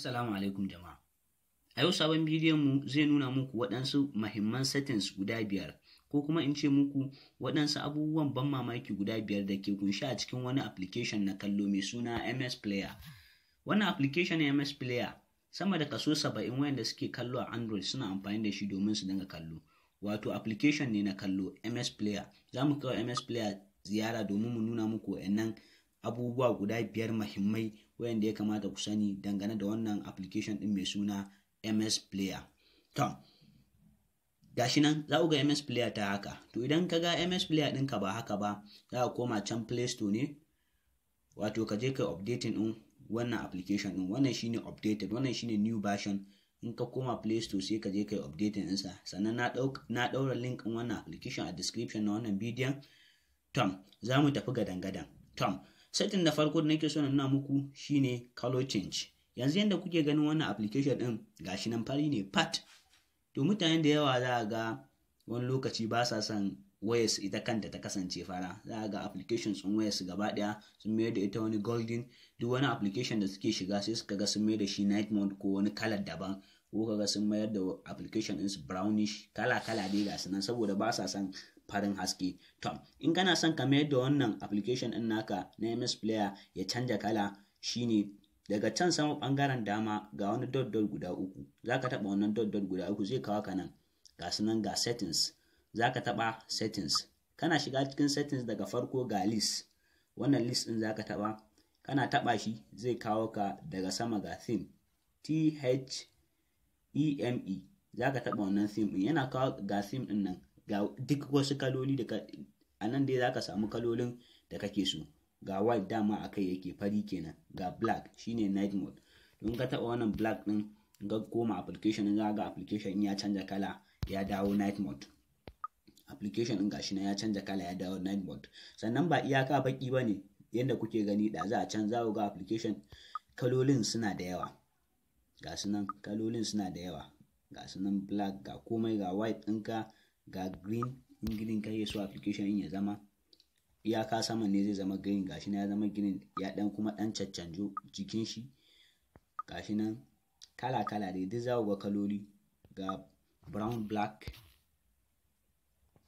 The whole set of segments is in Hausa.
Assalamu alaikum jama'a. A yau sabon bidiyon mu zai nuna muku waɗansu mahimman settings guda biyar ko kuma in ce muku waɗansu abubuwan ban mamaki guda biyar da ke kunshi a cikin wani application na kallo mai suna MS Player. Wannan application na MS Player sama da kaso saba'in wayanda suke kallo a Android suna amfani da shi domin su dinga kallo. Wato application ne na kallo MS Player. Za mu kawo MS Player ziyara domin mu nuna muku waɗannan abubuwa guda biyar mahimmai wanda ya kamata ku sani dangane da wannan application din mai suna ms player to gashi nan za ku ga ms player ta haka to idan ka ga ms player ɗinka ba haka ba za ka koma can play store ne wato ka je ka updating din wannan application din wannan shine updated wannan shine new version in ka koma play store sai ka je kai updating ɗinsa sannan na ɗaura link ɗin wannan application a description na wannan bidiyon tom za mu tafi gadan gadan tom setting da farko da nake so na nuna muku shine color change yanzu yadda kuke ganin wannan application din gashi nan fari ne pat to mutane da yawa za ga wani lokaci ba sa son wayas ita kanta ta kasance fara za a ga application sun wayas gaba daya sun mayar da ita wani golden duk wani application da suke shiga sai suka ga sun mayar da shi night mode ko wani kalar daban ko kaga sun mayar da application su brownish kala kala dai ga nan saboda ba sa son farin haske Tom, in kana son ka mayar da wannan application ɗin naka na ms player ya canja kala shine daga can sama ɓangaren dama ga wani dot dot guda uku za ka taɓa wannan dot dot guda uku zai kawo ka nan ga sunan ga settings za ka taɓa settings kana shiga cikin settings daga farko ga list wannan list din ka taɓa? kana taɓa shi zai kawo ka daga sama ga theme t h e m e zaka taɓa wannan theme din yana kawo ga theme din nan ga duk wasu kaloli da a nan dai zaka samu kalolin da kake so ga white dama a kai yake fari kenan ga black shine night mode don ka taba wannan black din ga koma application za ga application ya canja kala ya dawo night mode application din gashi na ya canja kala ya dawo night mode sannan ba iyaka baki bane yadda kuke gani da za a canza ga application kalolin suna da yawa ga sunan nan kalolin suna da yawa ga sunan nan black ga komai ga white ɗinka ga green in green kake so application in ya zama iyaka saman ne zai zama green gashi na ya zama green ya dan kuma dan caccanjo jikin shi gashi nan kala kala dai duk za ga kaloli ga brown black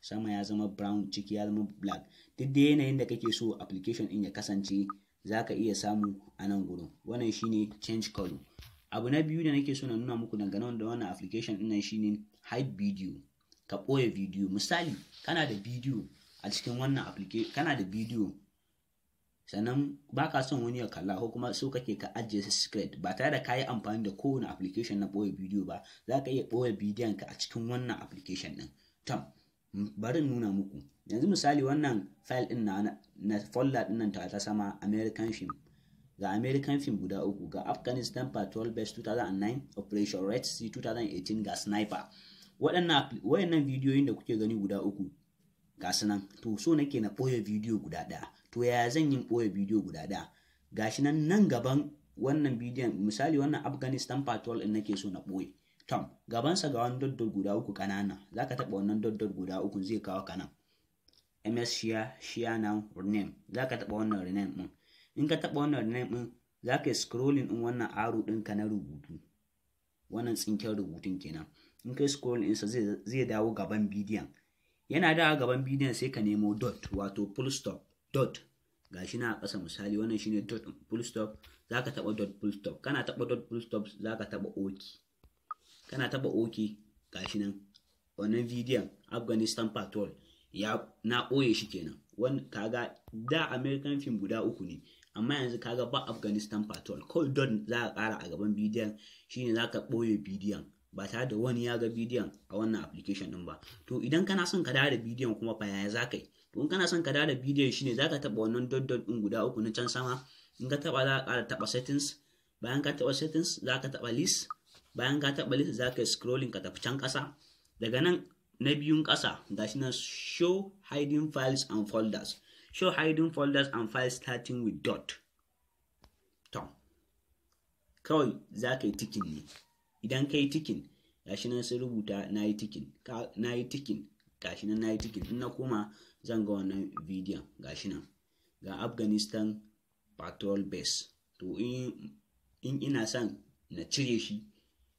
sama ya zama brown ciki ya zama black duk da yanayin da kake so application in ya kasance za ka iya samu a nan gurin wannan shine change color abu na biyu da nake so na nuna muku dangane da wannan application din nan shine hide video ka ɓoye bidiyo misali kana da bidiyo a cikin wannan application kana da bidiyo sannan ba ka son wani ya kalla ko kuma so kake ka ajiye su secret ba tare da yi amfani da kowane application na ɓoye bidiyo ba za ka iya ɓoye bidiyon ka a cikin wannan application ɗin tom bari nuna muku yanzu misali wannan file ɗin na na folder ɗin nan ta sama american film ga american film guda uku ga afghanistan patrol best 2009 operation red sea 2018 ga sniper waɗannan bidiyoyin da kuke gani guda uku ga nan to so nake na ɓoye bidiyo guda ɗaya to yaya zan yi ɓoye bidiyo guda ɗaya shi nan nan gaban wannan bidiyon misali wannan afghanistan patrol in nake so na ɓoye tom gabansa ga wani guda uku kanana za ka taɓa wannan doddod guda uku zai kawo kanan ms shia shia na rename za ka taɓa wannan rename ɗin in ka taɓa wannan rename ɗin za ka yi scrolling ɗin wannan aro ɗinka na rubutu wannan tsinken rubutun kenan in kai scroll ɗinsa zai dawo gaban bidiyon yana da gaban bidiyon sai ka nemo dot wato full stop dot shi na a ƙasa misali wannan shine dot full stop ka taba dot full stop kana taba dot full stop ka taba ok kana taba ok shi nan wannan bidiyon Afghanistan Patrol ya na ɓoye shi kenan wani kaga da American film guda uku ne amma yanzu kaga ba Afghanistan Patrol kawai don za a ƙara a gaban bidiyon shine za ka ɓoye bidiyon ba tare da wani ya ga bidiyon a wannan application din ba to idan kana son ka dawo da bidiyon kuma fa yaya za ka yi to in kana son ka dawo da bidiyon shine za ka taɓa wannan dot dot ɗin guda uku na can sama in ka taɓa za ka taɓa settings bayan ka taɓa settings za ka taɓa list bayan ka taɓa list za ka scrolling ka tafi can ƙasa daga nan na biyun ƙasa ga shi show hiding files and folders show hiding folders and files starting with dot to kawai za ka yi tikin ne idan ka yi tikin gashi nan sun rubuta na yi tikin na yi tikin gashi nan na yi tikin in na koma zan ga wannan bidiyon gashi nan ga afghanistan patrol base to in ina son na cire shi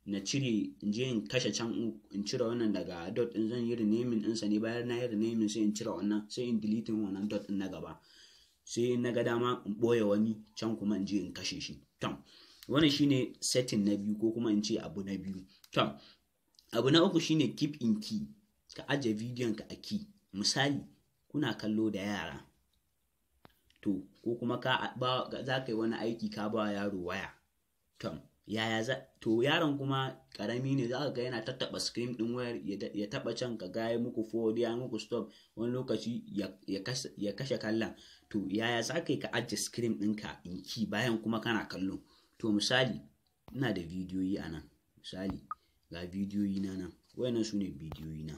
na cire in je in kashe can in cire wannan daga dot in zan yi renaming ɗinsa ne bayan na yi renaming sai in cire wannan sai in delete wannan dot in na gaba sai in na ga dama in ɓoye wani can kuma in je in kashe shi tom wannan shine setting na biyu ko kuma in ce abu na biyu to abu na uku shine keep in key ka ajiye bidiyon ka a key misali kuna kallo da yara to ko kuma ka ba za ka yi wani aiki ka ba yaro waya to yaya za to yaron kuma karami ne za ka ga yana tattaba screen din wayar ya taba can ka ga muku forward ya muku stop wani lokaci ya kashe kallon to yaya za ka yi ka ajiye screen ɗinka in key bayan kuma kana kallon. to misali ina da bidiyoyi a nan misali ga bidiyoyi na nan wayannan su ne bidiyoyi na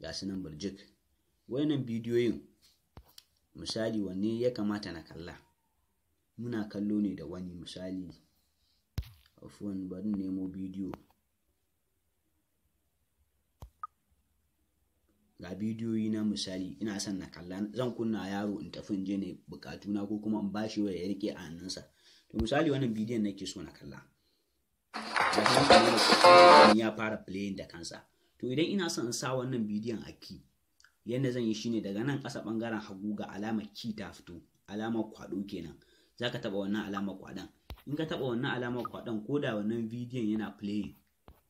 ga su nan barjik wayannan bidiyoyin misali wanne ya kamata na kalla muna kallo ne da wani misali afuwan bari nemo bidiyo ga bidiyoyi na misali ina son na kalla zan kunna yaro in tafi in je ne bukatuna ko kuma in bashi waya ya rike a hannunsa To misali wannan bidiyon nake so na kalla ya fara playing da kansa to idan ina son in sa wannan bidiyon a key yadda zan yi shine daga nan ƙasa ɓangaren hagu ga alamar key ta fito alamar kwaɗo kenan za ka taɓa wannan alamar kwaɗon in ka taɓa wannan alamar kwaɗon ko da wannan bidiyon yana playing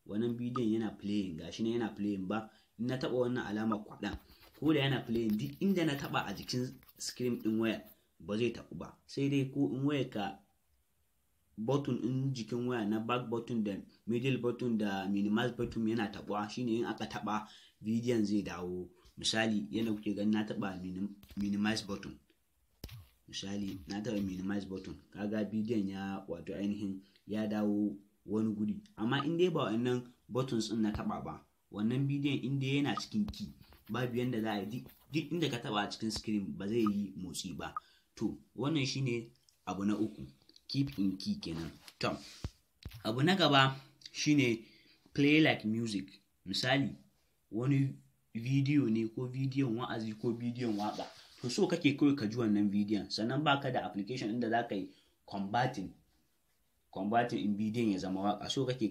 wannan bidiyon yana playing gashi ne yana playing ba in na taɓa wannan alamar kwaɗon ko da yana playing duk inda na taɓa a jikin screen ɗin waya ba zai taɓu ba sai dai ko in wayar ka button ɗin jikin waya na back button da middle button da minimize button yana tabuwa shine in aka taba bidiyon zai dawo misali yana kuke gani na taba minimize button misali na taba minimize button kaga bidiyon ya wato ainihin ya dawo wani guri amma in dai ba wannan buttons din na taba ba wannan bidiyon in dai yana cikin ki babu yanda za a yi duk inda ka taba a cikin screen ba zai yi motsi ba to wannan shine abu na uku keep in key kenan to abu na gaba shine play like music misali wani bidiyo ne ko bidiyon wa'azi ko bidiyon waka to so kake kawai ka ji wannan bidiyon sannan baka da application inda za ka yi combating combating in bidiyon ya zama waka so kake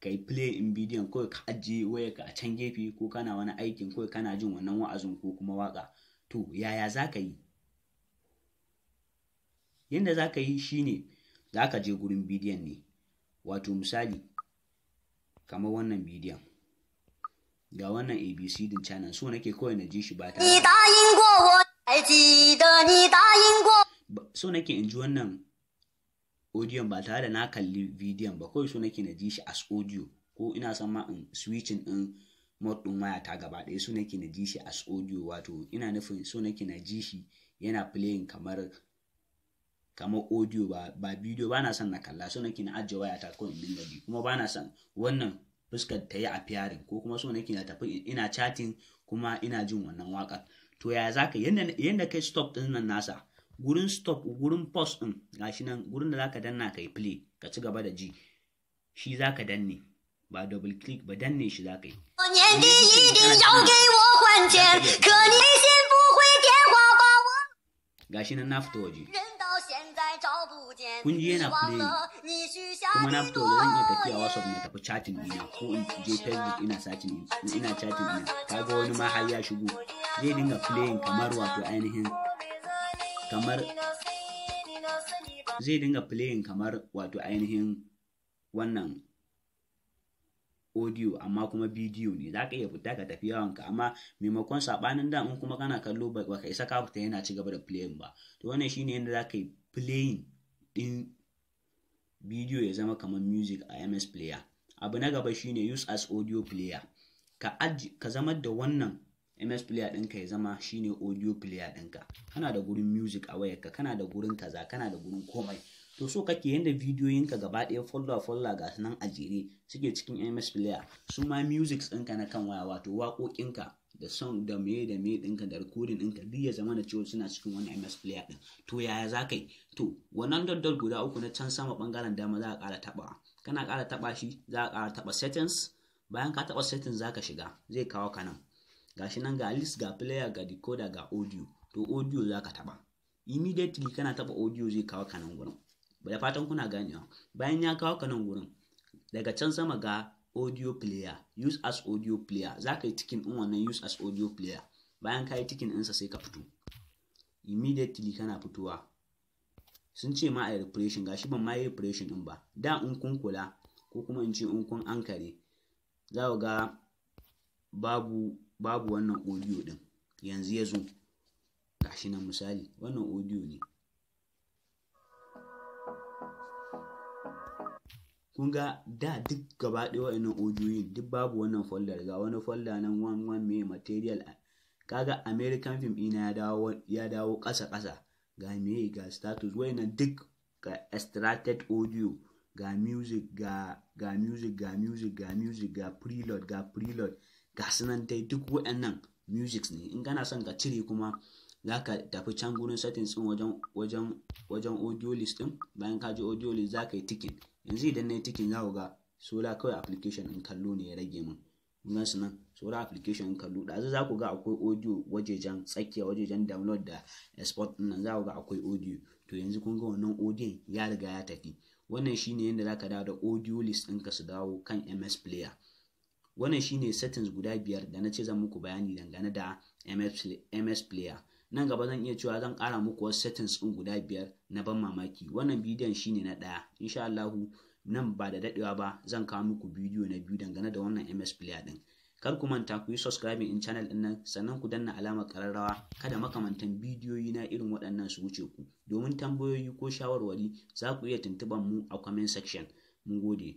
kai play in bidiyon kawai ka ajiye waya ka a can gefe ko kana wani aikin kawai kana jin wannan wa'azin ko kuma waka to yaya za ka yi yadda za yi shine za ka je gurin bidiyon ne wato misali kamar wannan bidiyon ga wannan abc din channel so nake kawai na ji shi ba tare so nake in ji wannan audiyon ba tare da na kalli bidiyon ba kawai so nake na ji shi as audio ko ina son ma in switching din mode waya ta gaba ɗaya so nake na ji shi as audio wato ina nufin so nake na ji shi yana playing kamar kamar audio ba ba video ba na son na kalla so nake na ajiye wayata ko in dinga bi kuma ba na son wannan fuskar ta yi a fiyarin ko kuma so nake na tafi ina chatting kuma ina jin wannan waƙar to ya zaka yanda yanda kai stop din nan nasa gurin stop gurin pause din gashi nan gurin da zaka danna kai play ka ci gaba da ji shi zaka danne ba double click ba danne shi zaka yi gashi nan na fito waje kun ji yana playing kuma na fito zan iya tafiya whatsapp na tafi chatting ina ko in je facebook ina chatting ina chatting ina kaga wani ma har ya shigo zai dinga playing kamar wato ainihin kamar zai dinga playing kamar wato ainihin wannan audio amma kuma bidiyo ne za ka iya fita ka tafi yawanka amma maimakon sabanin da in kuma kana kallo ba ka isa ka fita yana cigaba da playing ba to wannan shine yadda za ka yi playing ɗin bidiyo ya zama kamar music a ms player abu na gaba shine use as audio player ka, ka zama da wannan ms player ɗinka ya zama shine audio player ɗinka kana da gurin music a wayarka kana da gurin kaza kana da gurin komai to so kake yanda bidiyoyinka gaba ɗaya folder folder ga nan a jere suke cikin ms player su ma music ɗinka na kan waya wato waƙoƙinka da son da me da me ɗinka da recording ɗinka duk ya zama da cewa suna cikin wani ms player ɗin to yaya za ka yi to wannan dandal guda uku na can sama bangaren dama za ka ƙara taɓa kana ƙara taɓa shi za ka ƙara taɓa settings bayan ka taba settings za ka shiga zai kawo ka nan gashi nan ga list ga player ga decoder ga audio to audio za ka taɓa immediately kana taɓa audio zai kawo ka nan gurin da fatan kuna ganewa bayan ya kawo ka nan gurin daga can sama ga audio player use as audio player za ka yi tikin in wannan use as audio player bayan ka yi tikin ɗinsa sai ka fito immediately kana fitowa sun ce ma a repression gashi ban ma yi repression ɗin ba da in kun kula ko kuma in ce in kun ankare za ku ga babu babu wannan audio ɗin yanzu ya zo gashi nan misali wannan audio ne kun ga da duk gaba ɗaya wa'annan ojiyoyin duk babu wannan folder ga wani folder nan wan wan me material kaga american film ina ya dawo ya dawo ƙasa ƙasa ga me ga status wa'annan duk ga extracted audio ga music ga ga music ga music ga music ga preload ga preload ga sunan duk wa'annan music ne in kana son ka cire kuma za ka tafi can gurin settings din wajen wajen wajen audio list din bayan ka ji audio list za ka yi ticking yanzu idan na yi tikin za ku ga sola kawai application in kallo ne ya rage min kun su nan sola application in kallo da za ku ga akwai audio wajejen tsakiya wajejen download da export ɗinnan nan za ku ga akwai audio to yanzu kun ga wannan audio ya riga ya tafi wannan shine yadda za ka dawo da audio list ɗinka su dawo kan ms player wannan shine settings guda biyar da na ce zan muku bayani dangane da ms player nan gaba zan iya cewa zan kara muku wasu settings ɗin guda biyar na ban mamaki wannan bidiyon shine na ɗaya insha Allahu nan ba da dadewa ba zan kawo muku bidiyo na biyu dangane da wannan MS Player din. kar ku manta ku yi subscribing in channel ɗin nan sannan ku danna alamar ƙararrawa kada makamantan bidiyoyi na irin waɗannan su wuce ku domin tambayoyi ko shawarwari za ku iya tuntuɓar mu a comment section mun gode